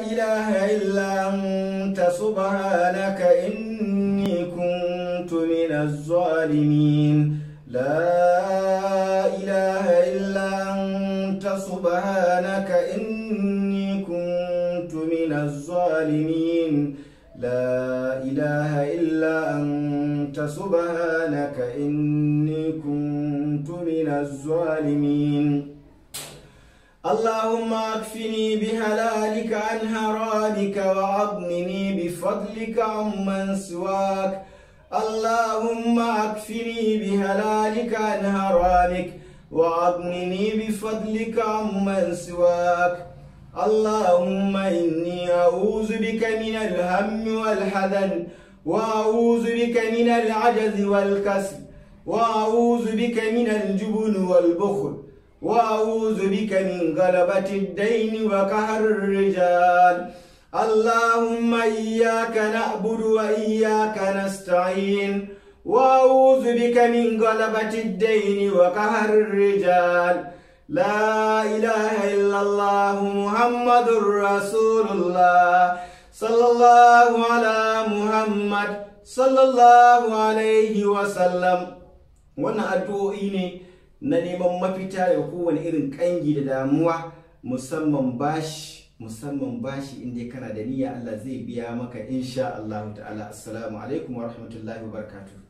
إله إلا أنت سبحانك إني كنت من الظالمين لا إله إلا أنت سبحانك إني كنت من الظالمين لا إله إلا أنت سبحانك إني كنت من الظالمين اللهم اكفني بهلالك عن حرامك وعضني بفضلك عمن سواك اللهم اكفني بهلالك عن حرامك وعضني بفضلك عمن سواك اللهم إني أعوذ بك من الهم والحزن وأعوذ بك من العجز والكسل وأعوذ بك من الجبن والبخل وأعوذ بك من غلبة الدين وقهر الرجال اللهم إياك نعبد وإياك نستعين وأعوذ بك من غلبة الدين وقهر الرجال لا إله إلا الله محمد رسول الله صلى الله على محمد صلى الله عليه وسلم وانا إني na neman mafita daga kowane irin kangi da damuwa musamman bashi musamman bashi inda kana da niyya Allah zai biya maka insha Allah ta'ala assalamu alaikum wa rahmatullahi wa barakatuh